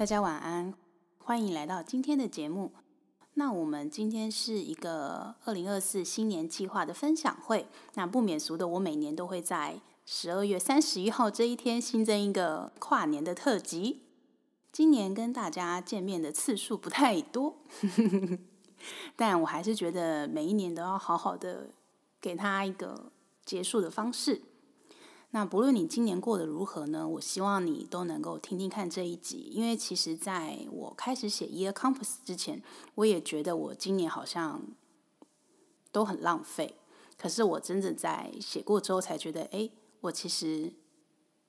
大家晚安，歡迎來到今天的節目。那我們今天是一個二零二四新年計劃的分享會。那不免俗的，我每年都會在十二月三十一號這一天新增一個跨年的特輯。今年跟大家見面的次數不太多，呵呵，但我還是覺得每一年都要好好的給他一個結束的方式。那不論你今年過得如何呢？我希望你都能夠聽聽看這一集，因為其實在我開始寫《Year Compass》之前，我也覺得我今年好像都很浪費。可是我真的在寫過之後，才覺得，哎、欸，我其實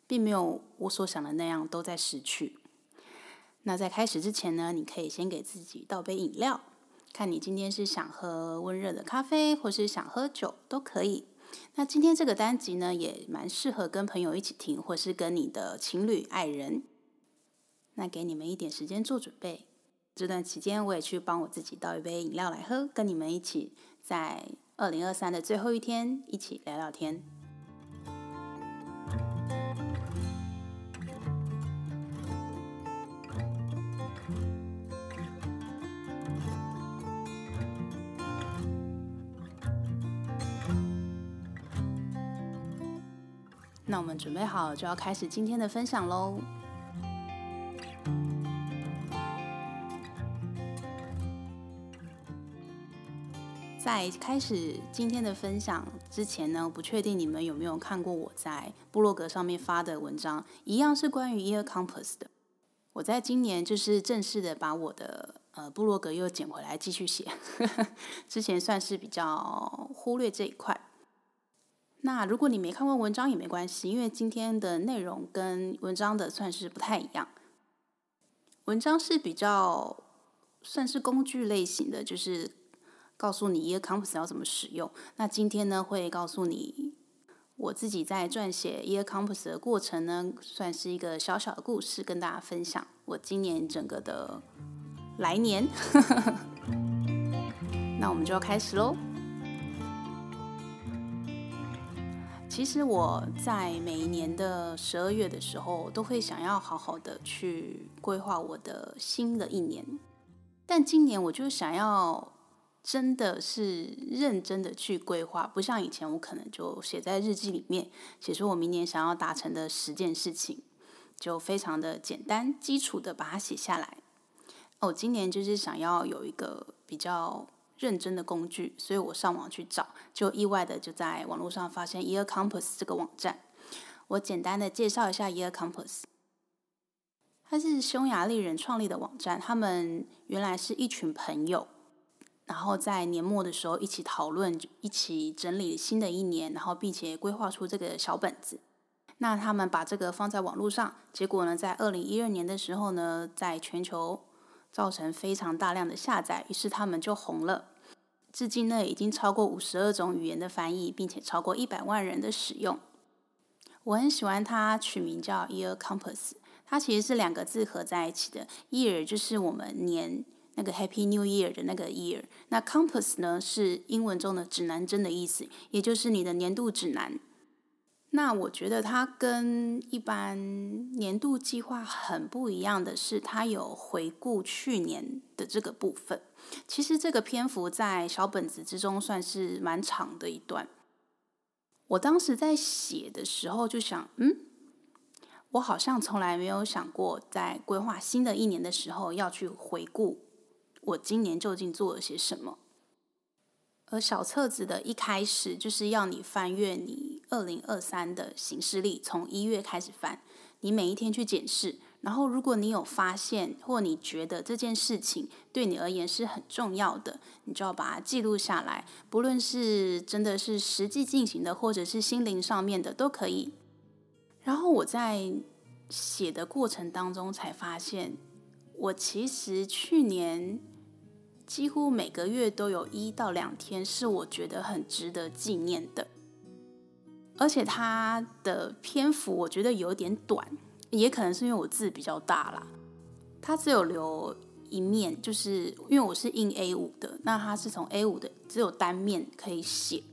並沒有我所想的那樣都在失去。那在開始之前呢，你可以先給自己倒杯飲料，看你今天是想喝溫熱的咖啡，或是想喝酒都可以。那今天這個單集呢，也蠻適合跟朋友一起聽，或是跟你的情侶、愛人。那給你們一點時間做準備，這段期間我也去幫我自己倒一杯飲料來喝，跟你們一起在二零二三的最後一天一起聊聊天。那我們準備好就要開始今天的分享嘍。在開始今天的分享之前呢，不確定你們有沒有看過我在部落格上面發的文章，一樣是關於 YearCompass 的。我在今年就是正式的把我的呃部落格又撿回來繼續寫，之前算是比較忽略這一塊。那如果你沒看過文章，也沒關係，因為今天的內容跟文章的算是不太一樣。文章是比較算是工具類型的，就是告訴你 Year Compass 要怎麼使用。那今天呢，會告訴你我自己在撰寫 Year Compass 的過程呢，算是一個小小的故事，跟大家分享我今年整個的來年。 那我們就要開始嘍。其實我在每一年的十二月的時候，都會想要好好的去規劃我的新的一年。但今年我就想要真的是認真的去規劃，不像以前我可能就寫在日記裡面，寫出我明年想要達成的十件事情，就非常的簡單基礎的把它寫下來。我、哦、今年就是想要有一個比較。認真的工具，所以我上網去找，就意外的就在網絡上發現 YearCompass 這個網站。我簡單的介紹一下 YearCompass，它是匈牙利人創立的網站。他們原來是一群朋友，然後在年末的時候一起討論，一起整理新的一年，然後並且規劃出這個小本子。那他們把這個放在網絡上，結果呢，在二零一二年的時候呢，在全球造成非常大量的下載，於是他們就紅了。至今呢，已經超過五十二種語言的翻譯，並且超過一百萬人的使用。我很喜歡它，取名叫 Year Compass。它其實是兩個字合在一起的，Year 就是我們年那個 Happy New Year 的那個 Year，那 Compass 呢是英文中的指南針的意思，也就是你的年度指南。那我覺得它跟一般年度計劃很不一樣的是，它有回顧去年的這個部分。其實這個篇幅在小本子之中算是蠻長的一段，我當時在寫的時候就想，嗯，我好像從來沒有想過在規劃新的一年的時候要去回顧我今年究竟做了些什麼。而小冊子的一開始就是要你翻閱你二零二三的行事曆，從一月開始翻，你每一天去檢視。然後，如果你有發現，或你覺得這件事情對你而言是很重要的，你就要把它記錄下來，不論是真的是實際進行的，或者是心靈上面的，都可以。然後我在寫的過程當中，才發現我其實去年幾乎每個月都有一到兩天是我覺得很值得紀念的，而且它的篇幅我覺得有點短。也可能是因為我字比較大啦，它只有留一面，就是因為我是印 A 五的，那它是從 A 五的只有單面可以寫，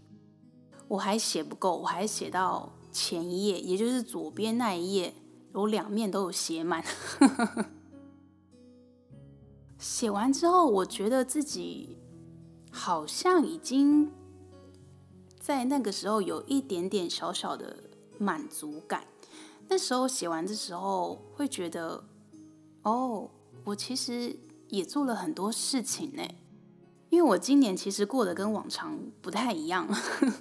我還寫不夠，我還寫到前一頁，也就是左邊那一頁，有兩面都有寫滿。寫 完之後，我覺得自己好像已經在那個時候有一點點小小的滿足感。那時候寫完的時候會覺得，哦，我其實也做了很多事情呢。因為我今年其實過得跟往常不太一樣。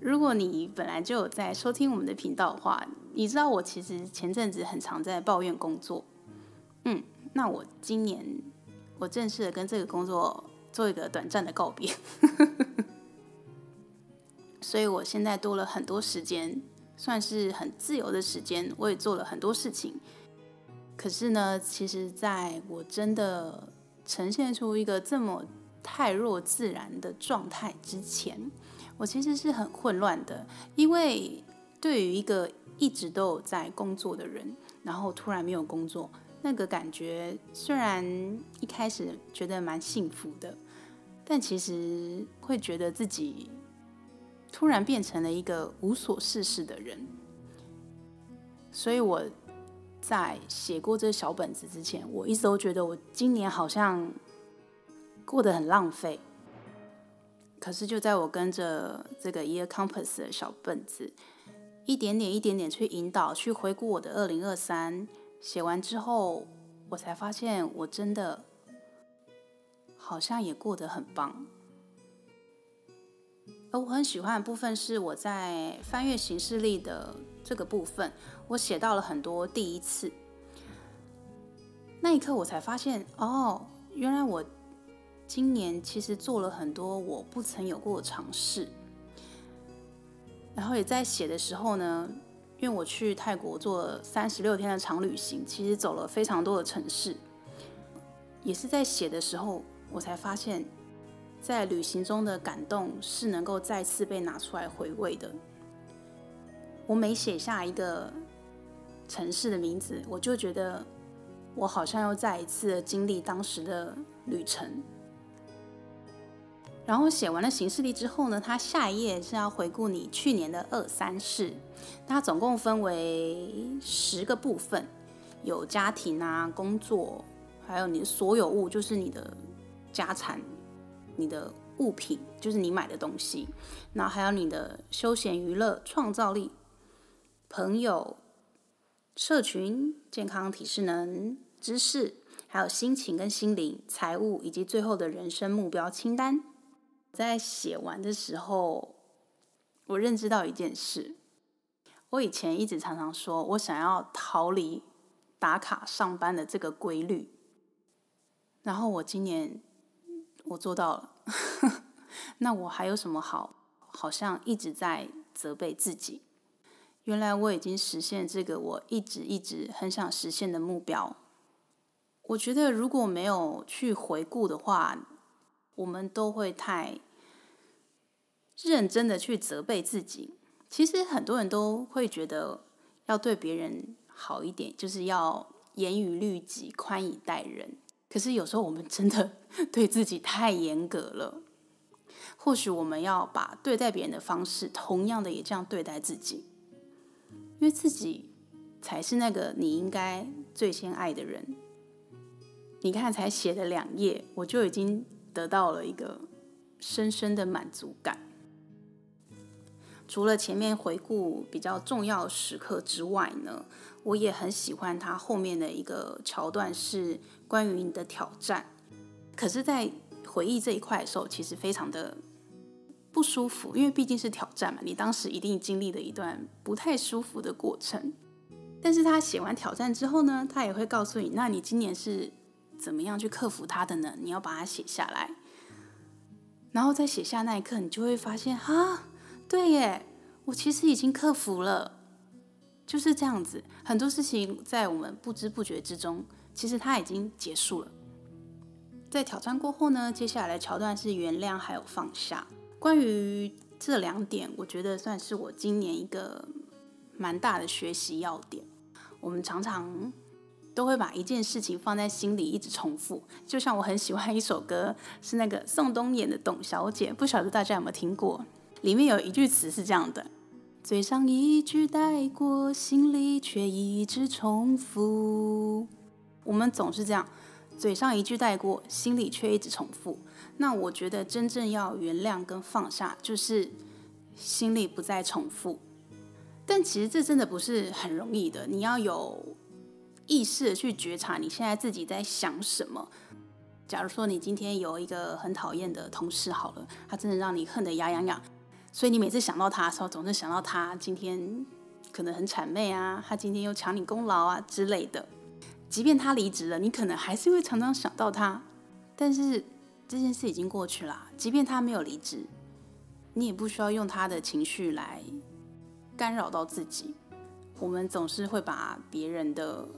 如果你本來就有在收聽我們的頻道的話，你知道我其實前陣子很常在抱怨工作。嗯，那我今年我正式的跟這個工作做一個短暫的告別， 所以我現在多了很多時間。算是很自由的時間，我也做了很多事情。可是呢，其實在我真的呈現出一個這麼太弱自然的狀態之前，我其實是很混亂的。因為對於一個一直都有在工作的人，然後突然沒有工作，那個感覺雖然一開始覺得蠻幸福的，但其實會覺得自己。突然變成了一個無所事事的人，所以我在寫過這小本子之前，我一直都覺得我今年好像過得很浪費。可是就在我跟着這個 Year Compass 的小本子，一點點、一點點去引導、去回顧我的二零二三，寫完之後，我才發現我真的好像也過得很棒。我很喜歡的部分是我在翻閱行事曆的這個部分，我寫到了很多第一次。那一刻我才發現，哦，原來我今年其實做了很多我不曾有過的嘗試。然後也在寫的時候呢，因為我去泰國做了三十六天的長旅行，其實走了非常多的城市，也是在寫的時候我才發現。在旅行中的感動是能夠再次被拿出來回味的。我每寫下一個城市的名字，我就覺得我好像又再一次經歷當時的旅程。然後寫完了行事曆之後呢，它下一頁是要回顧你去年的二三事。它總共分為十個部分，有家庭啊、工作，還有你的所有物，就是你的家產。你的物品就是你買的東西，然後還有你的休閒娛樂、創造力、朋友、社群、健康體適能、知識，還有心情跟心靈、財務，以及最後的人生目標清單。在寫完的時候，我認知到一件事：我以前一直常常說我想要逃離打卡上班的這個規律，然後我今年。我做到了， 那我還有什麼好？好像一直在責備自己。原來我已經實現這個我一直一直很想實現的目標。我覺得如果沒有去回顧的話，我們都會太認真的去責備自己。其實很多人都會覺得要對別人好一點，就是要嚴於律己，寬以待人。可是有時候我們真的對自己太嚴格了。或許我們要把對待別人的方式，同樣的也這樣對待自己，因為自己才是那個你應該最先愛的人。你看，才寫了兩頁，我就已經得到了一個深深的滿足感。除了前面回顧比較重要時刻之外呢，我也很喜歡他後面的一個橋段是，關於你的挑戰，可是，在回憶這一塊的時候，其實非常的不舒服，因為畢竟是挑戰嘛，你當時一定經歷了一段不太舒服的過程。但是他寫完挑戰之後呢，他也會告訴你，那你今年是怎麼樣去克服它的呢？你要把它寫下來，然後在寫下那一刻，你就會發現，啊，對耶，我其實已經克服了，就是這樣子。很多事情在我們不知不覺之中。其實它已經結束了，在挑戰過後呢，接下來的橋段是原諒還有放下。關於這兩點，我覺得算是我今年一個蠻大的學習要點。我們常常都會把一件事情放在心裡，一直重複。就像我很喜歡一首歌，是那個宋冬野的《董小姐》，不曉得大家有沒有聽過？裡面有一句詞是這樣的：“嘴上一句帶過，心裡卻一直重複。”我們總是這樣，嘴上一句帶過，心裡卻一直重複。那我覺得真正要原諒跟放下，就是心裡不再重複。但其實這真的不是很容易的，你要有意識地去覺察你現在自己在想什麼。假如說你今天有一個很討厭的同事，好了，他真的讓你恨得牙癢癢，所以你每次想到他的時候，總是想到他今天可能很諂媚啊，他今天又搶你功勞啊之類的。即便他離職了，你可能還是會常常想到他，但是這件事已經過去了。即便他沒有離職，你也不需要用他的情緒來干擾到自己。我們總是會把別人的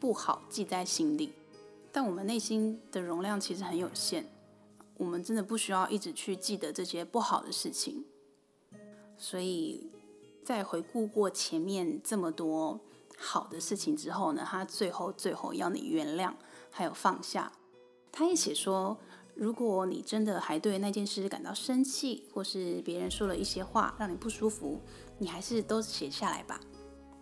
不好記在心裡，但我們內心的容量其實很有限我們真的不需要一直去記得這些不好的事情。所以在回顧過前面這麼多，好的事情之後呢，他最後最後要你原諒，還有放下。他也寫說，如果你真的還對那件事感到生氣，或是別人說了一些話讓你不舒服，你還是都寫下來吧。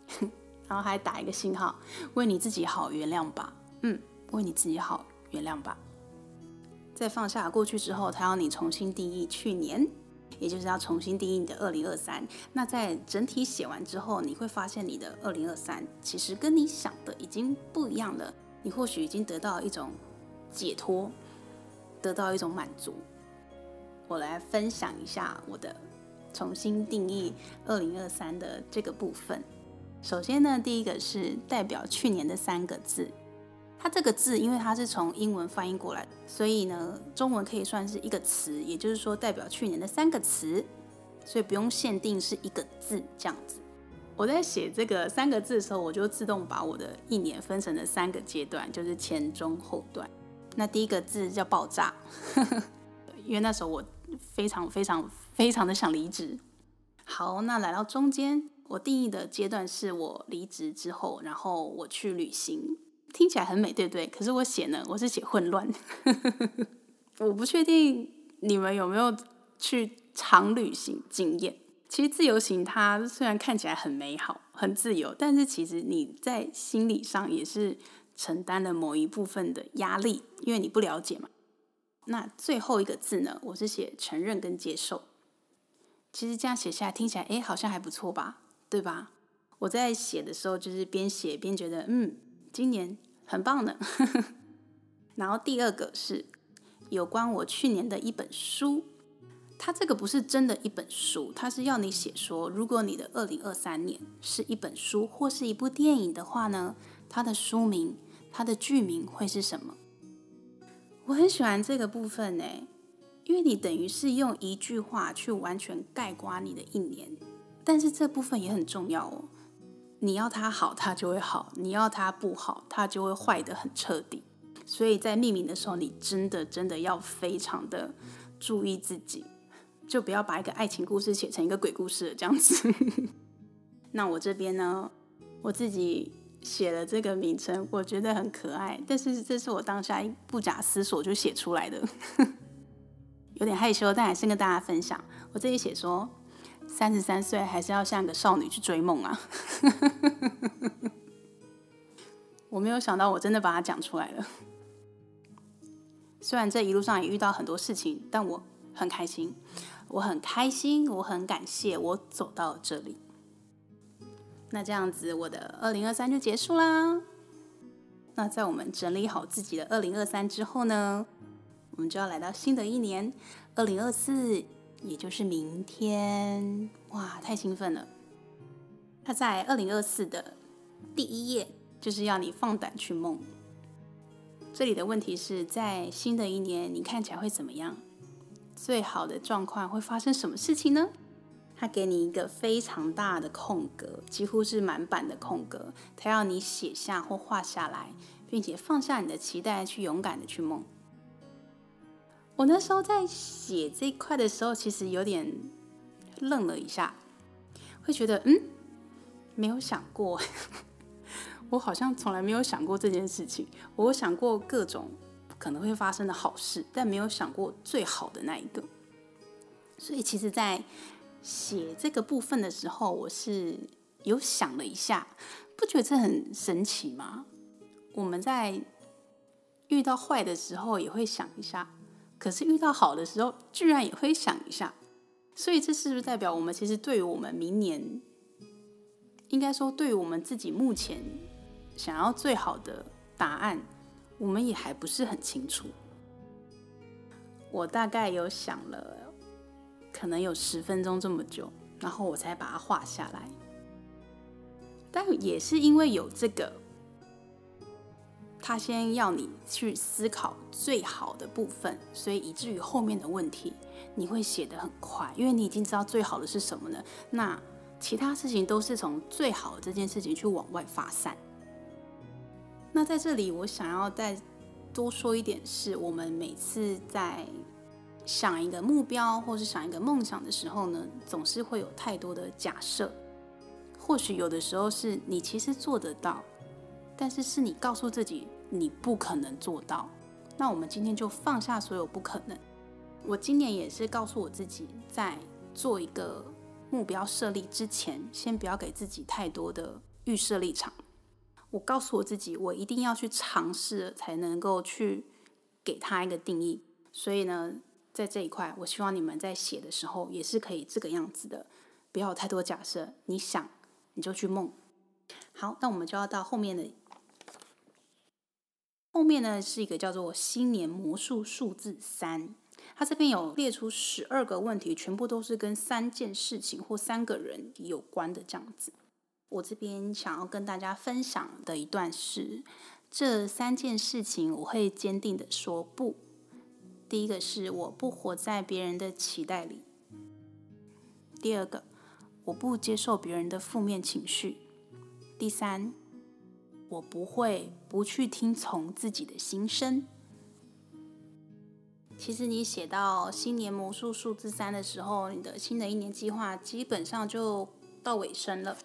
然後還打一個信號，為你自己好原諒吧。嗯，為你自己好原諒吧。在放下過去之後，他要你重新定義去年。也就是要重新定義你的2023。那在整體寫完之後，你會發現你的2023其實跟你想的已經不一樣了。你或許已經得到一種解脫，得到一種滿足。我來分享一下我的重新定義2023的這個部分。首先呢，第一個是代表去年的三個字。它這個字，因為它是從英文翻譯過來的，所以呢，中文可以算是一個詞，也就是說代表去年的三個詞，所以不用限定是一個字這樣子。我在寫這個三個字的時候，我就自動把我的一年分成了三個階段，就是前中後段。那第一個字叫爆炸，呵呵，因為那時候我非常非常非常的想離職。好，那來到中間，我定義的階段是我離職之後，然後我去旅行。聽起來很美，對不對？可是我寫呢，我是寫混亂。 我不確定你們有沒有去長旅行經驗。其實自由行它雖然看起來很美好、很自由，但是其實你在心理上也是承擔了某一部分的壓力，因為你不了解嘛。那最後一個字呢，我是寫承認跟接受。其實這樣寫下來聽起來，誒，好像還不錯吧，對吧？我在寫的時候就是邊寫邊覺得，嗯。今年很棒呢， 然後第二個是有關我去年的一本書，它這個不是真的一本書，它是要你寫說，如果你的二零二三年是一本書或是一部電影的話呢，它的書名、它的劇名會是什麼？我很喜歡這個部分呢，因為你等於是用一句話去完全概括你的一年，但是這部分也很重要哦。你要他好，他就會好；你要他不好，他就會壞得很徹底。所以在命名的時候，你真的真的要非常的注意自己，就不要把一個愛情故事寫成一個鬼故事這樣子。 那我這邊呢，我自己寫了這個名稱，我覺得很可愛，但是這是我當下不假思索就寫出來的， 有點害羞，但還是跟大家分享。我自己寫說。三十三歲還是要像個少女去追夢啊！ 我沒有想到，我真的把它講出來了。雖然這一路上也遇到很多事情，但我很開心，我很開心，我很感謝我走到這裡。那這樣子，我的二零二三就結束啦。那在我們整理好自己的二零二三之後呢，我們就要來到新的一年二零二四。也就是明天，哇，太興奮了！他在二零二四的第一頁就是要你放膽去夢。這裡的問題是，在新的一年你看起來會怎麼樣？最好的狀況會發生什麼事情呢？他給你一個非常大的空格，幾乎是滿版的空格，他要你寫下或畫下來，並且放下你的期待，去勇敢的去夢。我那時候在寫這一塊的時候，其實有點愣了一下，會覺得嗯，沒有想過， 我好像從來沒有想過這件事情。我想過各種可能會發生的好事，但沒有想過最好的那一個。所以，其實，在寫這個部分的時候，我是有想了一下，不覺得這很神奇嗎？我們在遇到壞的時候，也會想一下。可是遇到好的時候，居然也會想一下，所以這是不是代表我們其實對於我們明年，應該說對於我們自己目前想要最好的答案，我們也還不是很清楚。我大概有想了，可能有十分鐘這麼久，然後我才把它畫下來。但也是因為有這個。他先要你去思考最好的部分，所以以至於後面的問題你會寫得很快，因為你已經知道最好的是什麼呢？那其他事情都是從最好的這件事情去往外發散。那在這裡我想要再多說一點是，是我們每次在想一個目標或是想一個夢想的時候呢，總是會有太多的假設。或許有的時候是你其實做得到，但是是你告訴自己。你不可能做到，那我們今天就放下所有不可能。我今年也是告訴我自己，在做一個目標設立之前，先不要給自己太多的預設立場。我告訴我自己，我一定要去嘗試才能夠去給他一個定義。所以呢，在這一塊，我希望你們在寫的時候也是可以這個樣子的，不要有太多假設。你想，你就去夢。好，那我們就要到後面的。後面呢是一個叫做新年魔術數字三，它這邊有列出十二個問題，全部都是跟三件事情或三個人有關的這樣子。我這邊想要跟大家分享的一段是，這三件事情我會堅定地說不。第一個是我不活在別人的期待裡，第二個我不接受別人的負面情緒，第三。我不會不去聽從自己的心聲。其實你寫到新年魔術數字三的時候，你的新的一年計劃基本上就到尾聲了。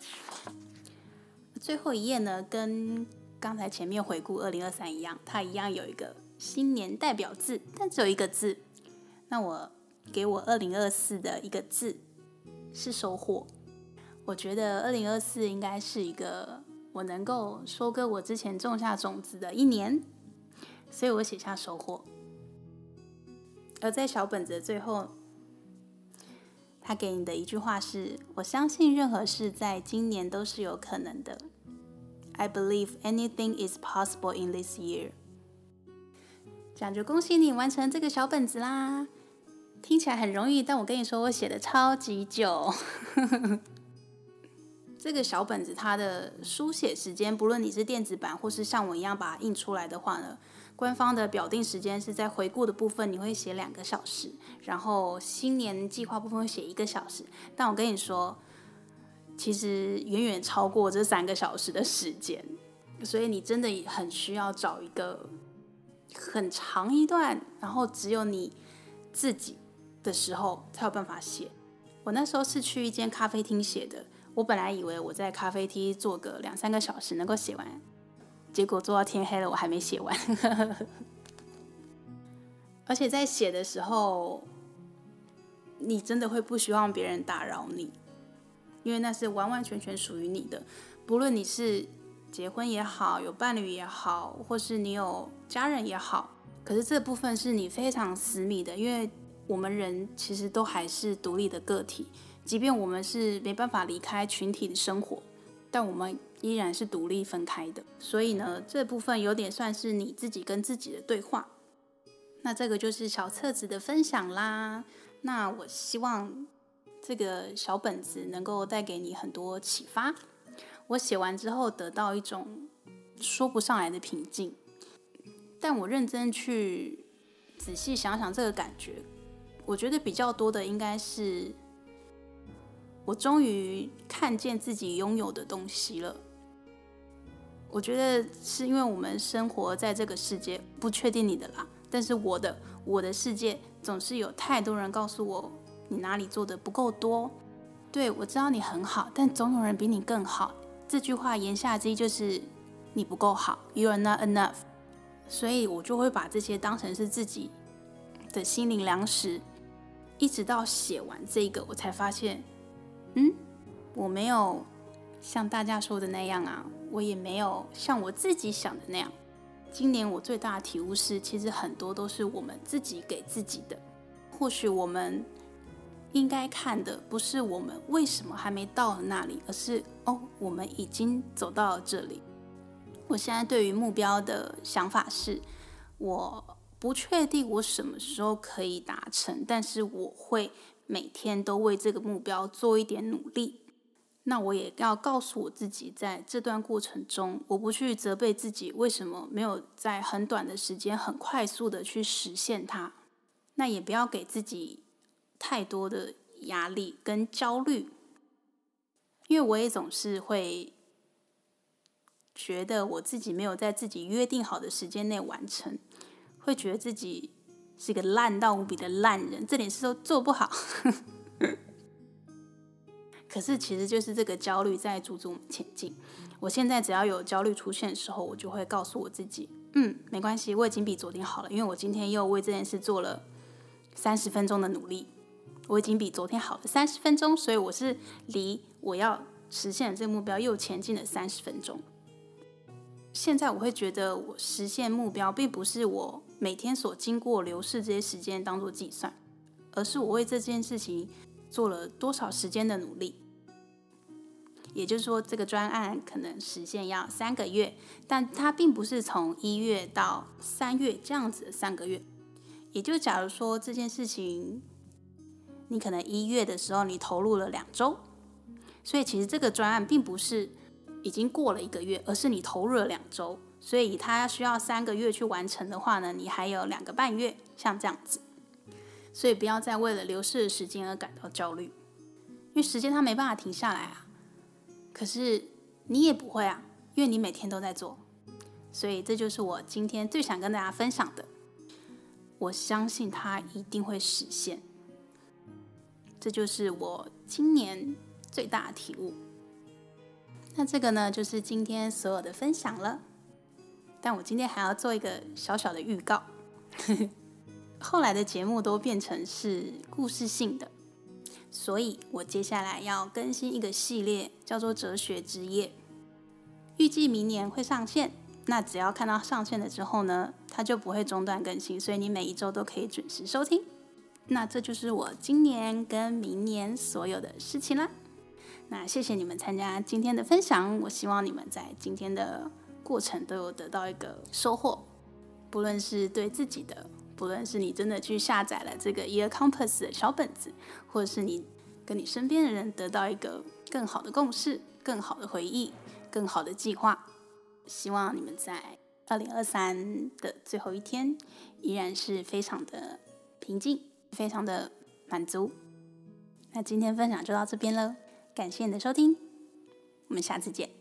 最後一頁呢，跟剛才前面回顧二零二三一樣，它一樣有一個新年代表字，但只有一個字。那我給我二零二四的一個字是收穫。我覺得二零二四應該是一個，我能夠收割我之前種下種子的一年，所以我寫下收穫。而在小本子的最後，他給你的一句話是：“我相信任何事在今年都是有可能的。” I believe anything is possible in this year。講就恭喜你完成這個小本子啦！聽起來很容易，但我跟你說，我寫的超級久。 這個小本子它的書寫時間，不論你是電子版或是像我一樣把它印出來的話呢，官方的表定時間是在回顧的部分你會寫兩個小時，然後新年計劃部分會寫一個小時。但我跟你說，其實遠遠超過這三個小時的時間，所以你真的很需要找一個很長一段，然後只有你自己的時候才有辦法寫。我那時候是去一間咖啡廳寫的。我本來以為我在咖啡廳坐個兩三個小時能夠寫完，結果坐到天黑了我還沒寫完。 而且在寫的時候，你真的會不希望別人打擾你，因為那是完完全全屬於你的。不論你是結婚也好，有伴侶也好，或是你有家人也好，可是這部分是你非常私密的，因為我們人其實都還是獨立的個體。即便我們是沒辦法離開群體的生活，但我們依然是獨立分開的。所以呢，這部分有點算是你自己跟自己的對話。那這個就是小冊子的分享啦。那我希望這個小本子能夠帶給你很多啟發。我寫完之後得到一種說不上來的平靜，但我認真去仔細想想這個感覺，我覺得比較多的應該是。我終於看見自己擁有的東西了。我覺得是因為我們生活在這個世界不確定你的啦，但是我的我的世界總是有太多人告訴我你哪裡做的不夠多。對，我知道你很好，但總有人比你更好。這句話言下之意就是你不夠好，You're not enough。所以我就會把這些當成是自己的心靈糧食。一直到寫完這個，我才發現。嗯，我沒有像大家說的那樣啊，我也沒有像我自己想的那樣。今年我最大的體悟是，其實很多都是我們自己給自己的。或許我們應該看的不是我們為什麼還沒到了那裡，而是哦，我們已經走到了這裡。我現在對於目標的想法是，我。不確定我什麼時候可以達成，但是我會每天都為這個目標做一點努力。那我也要告訴我自己，在這段過程中，我不去責備自己為什麼沒有在很短的時間很快速地去實現它。那也不要給自己太多的壓力跟焦慮，因為我也總是會覺得我自己沒有在自己約定好的時間內完成。會覺得自己是一個爛到無比的爛人，這點事都做不好。 可是，其實就是這個焦慮在阻止前進。我現在只要有焦慮出現的時候，我就會告訴我自己：“嗯，沒關係，我已經比昨天好了，因為我今天又為這件事做了三十分鐘的努力，我已經比昨天好了三十分鐘，所以我是離我要實現這個目標又前進了三十分鐘。”現在我會覺得，我實現目標並不是我每天所經過流逝這些時間當做計算，而是我為這件事情做了多少時間的努力。也就是說，這個專案可能實現要三個月，但它並不是從一月到三月這樣子的三個月。也就假如說這件事情，你可能一月的時候你投入了兩周，所以其實這個專案並不是。已經過了一個月，而是你投入了兩周，所以它需要三個月去完成的話呢，你還有兩個半月，像這樣子，所以不要再為了流逝的時間而感到焦慮，因為時間它沒辦法停下來啊，可是你也不會啊，因為你每天都在做，所以這就是我今天最想跟大家分享的，我相信它一定會實現，這就是我今年最大的體悟。那這個呢，就是今天所有的分享了。但我今天還要做一個小小的預告， 後來的節目都變成是故事性的，所以我接下來要更新一個系列，叫做《哲學之夜》，預計明年會上線。那只要看到上線了之後呢，它就不會中斷更新，所以你每一週都可以準時收聽。那這就是我今年跟明年所有的事情啦。那謝謝你們參加今天的分享，我希望你們在今天的過程都有得到一個收穫，不論是對自己的，不論是你真的去下載了這個 YearCompass 的小本子，或者是你跟你身邊的人得到一個更好的共識、更好的回憶、更好的計劃。希望你們在二零二三的最後一天依然是非常的平靜、非常的滿足。那今天分享就到這邊了。感謝你的收聽，我們下次見。